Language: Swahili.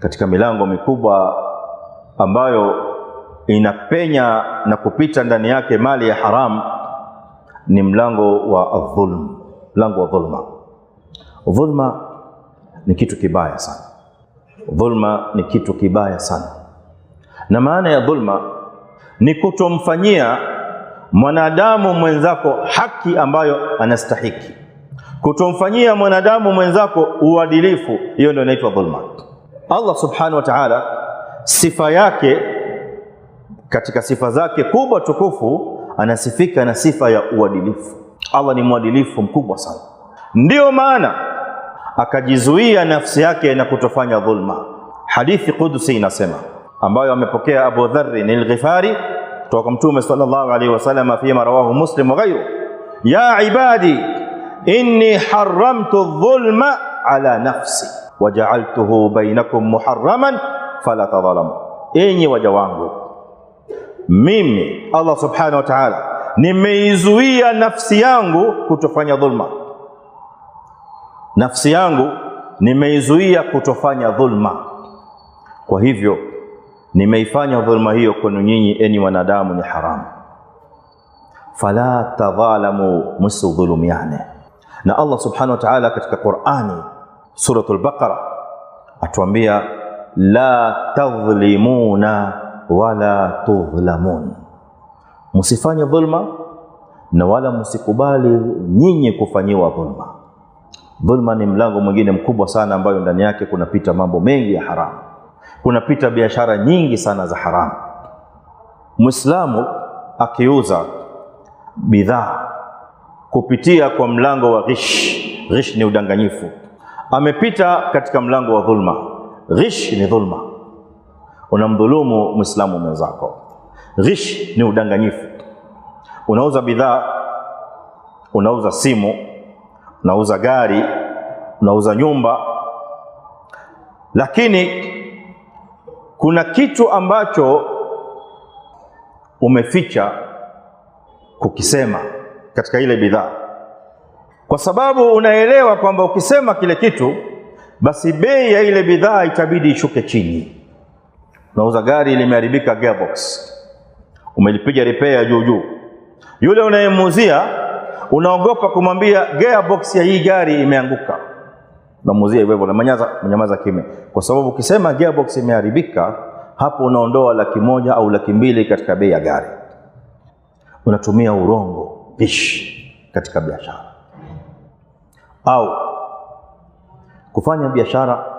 katika milango mikubwa ambayo inapenya na kupita ndani yake mali ya haram ni mlango wa dhulm, mlango wa dhulma. Dhulma ni kitu kibaya sana, dhulma ni kitu kibaya sana, na maana ya dhulma ni kutomfanyia mwanadamu mwenzako haki ambayo anastahiki, kutomfanyia mwanadamu mwenzako uadilifu. Hiyo ndio inaitwa dhulma. Allah subhanahu wa ta'ala, sifa yake katika sifa zake kubwa tukufu, anasifika na sifa ya uadilifu. Allah ni mwadilifu mkubwa sana, ndiyo maana akajizuia nafsi yake na kutofanya dhulma. Hadithi Qudsi inasema ambayo amepokea Abu Dharri al-Ghifari kutoka kwa Mtume sallallahu alaihi wasallam, fima rawahu Muslim wa ghairu, ya ibadi inni haramtu dhulma ala nafsi wajaaltuhu bainakum muharraman fala tadhalamu, enyi waja wangu, mimi Allah subhanahu wa ta'ala nimeizuia nafsi yangu kutofanya dhulma, nafsi yangu nimeizuia kutofanya dhulma. Kwa hivyo nimeifanya dhulma hiyo kwenu nyinyi, enyi wanadamu, ni haramu. Fala tadhalamu, msidhulumiane. Na Allah subhanahu wa ta'ala katika Qur'ani Suratul Baqara atuambia la tadhlimuna wala tudhlamun, msifanye dhulma na wala msikubali nyinyi kufanyiwa dhulma. Dhulma ni mlango mwingine mkubwa sana, ambayo ndani yake kunapita mambo mengi ya haramu, kunapita biashara nyingi sana za haramu. Muislamu akiuza bidhaa kupitia kwa mlango wa ghish, ghish ni udanganyifu amepita katika mlango wa dhulma. Ghish ni dhulma, unamdhulumu Muislamu mwenzako. Ghish ni udanganyifu, unauza bidhaa, unauza simu, unauza gari, unauza nyumba, lakini kuna kitu ambacho umeficha kukisema katika ile bidhaa kwa sababu unaelewa kwamba ukisema kile kitu basi bei ya ile bidhaa itabidi ishuke chini. Unauza gari limeharibika gearbox, umelipiga repair juu juu, yule unayemuuzia unaogopa kumwambia gearbox ya hii gari imeanguka, unamuuzia hivyo hivyo, unanyamaza, unanyamaza kimya, kwa sababu ukisema gearbox imeharibika, hapo unaondoa laki moja au laki mbili katika bei ya gari. Unatumia urongo pishi katika biashara au kufanya biashara